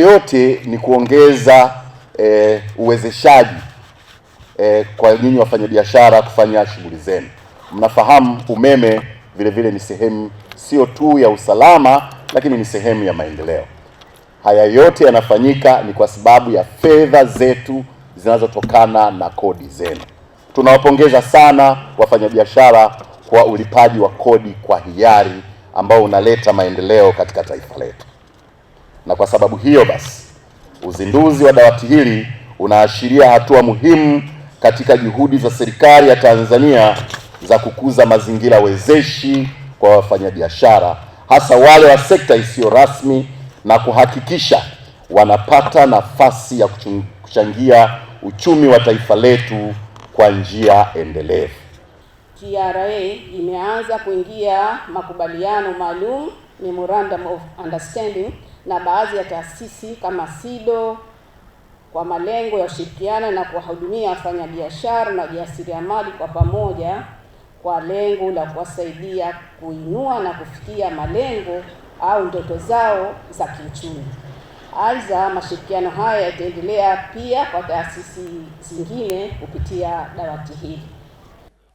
Yote ni kuongeza e, uwezeshaji e, kwa nyinyi wafanyabiashara kufanya shughuli zenu. Mnafahamu umeme vile vile ni sehemu sio tu ya usalama, lakini ni sehemu ya maendeleo. Haya yote yanafanyika ni kwa sababu ya fedha zetu zinazotokana na kodi zenu. Tunawapongeza sana wafanyabiashara kwa ulipaji wa kodi kwa hiari ambao unaleta maendeleo katika taifa letu na kwa sababu hiyo basi uzinduzi wa dawati hili unaashiria hatua muhimu katika juhudi za serikali ya Tanzania za kukuza mazingira wezeshi kwa wafanyabiashara hasa wale wa sekta isiyo rasmi na kuhakikisha wanapata nafasi ya kuchangia uchumi wa taifa letu kwa njia endelevu. TRA imeanza kuingia makubaliano maalum, memorandum of understanding na baadhi ya taasisi kama SIDO kwa malengo ya ushirikiana na kuwahudumia wafanyabiashara na wajasiriamali kwa pamoja kwa lengo la kuwasaidia kuinua na kufikia malengo au ndoto zao za kiuchumi. Aidha, mashirikiano haya yataendelea pia kwa taasisi zingine kupitia dawati hili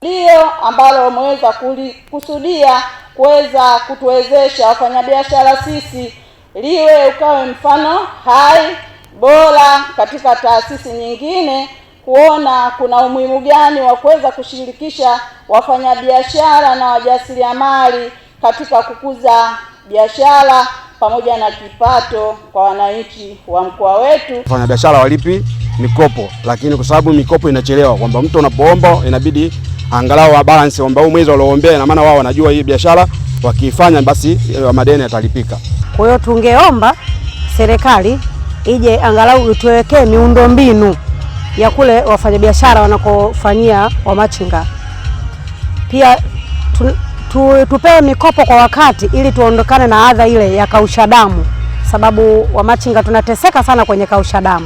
ndio ambalo wameweza kulikusudia kuweza kutuwezesha wafanyabiashara sisi liwe ukawe mfano hai bora katika taasisi nyingine kuona kuna umuhimu gani wa kuweza kushirikisha wafanyabiashara na wajasiriamali katika kukuza biashara pamoja na kipato kwa wananchi wa mkoa wetu. Wafanyabiashara walipi mikopo, lakini kwa sababu mikopo inachelewa, kwamba mtu unapoomba inabidi angalau wa balance kwamba huu mwezi waliombea, ina maana wao wanajua hii biashara wakiifanya basi madeni yatalipika. Kwa hiyo tungeomba serikali ije angalau ituwekee miundombinu ya kule wafanyabiashara wanakofanyia wamachinga. Pia tu, tu, tupewe mikopo kwa wakati ili tuondokane na adha ile ya kausha damu, sababu wamachinga tunateseka sana kwenye kausha damu.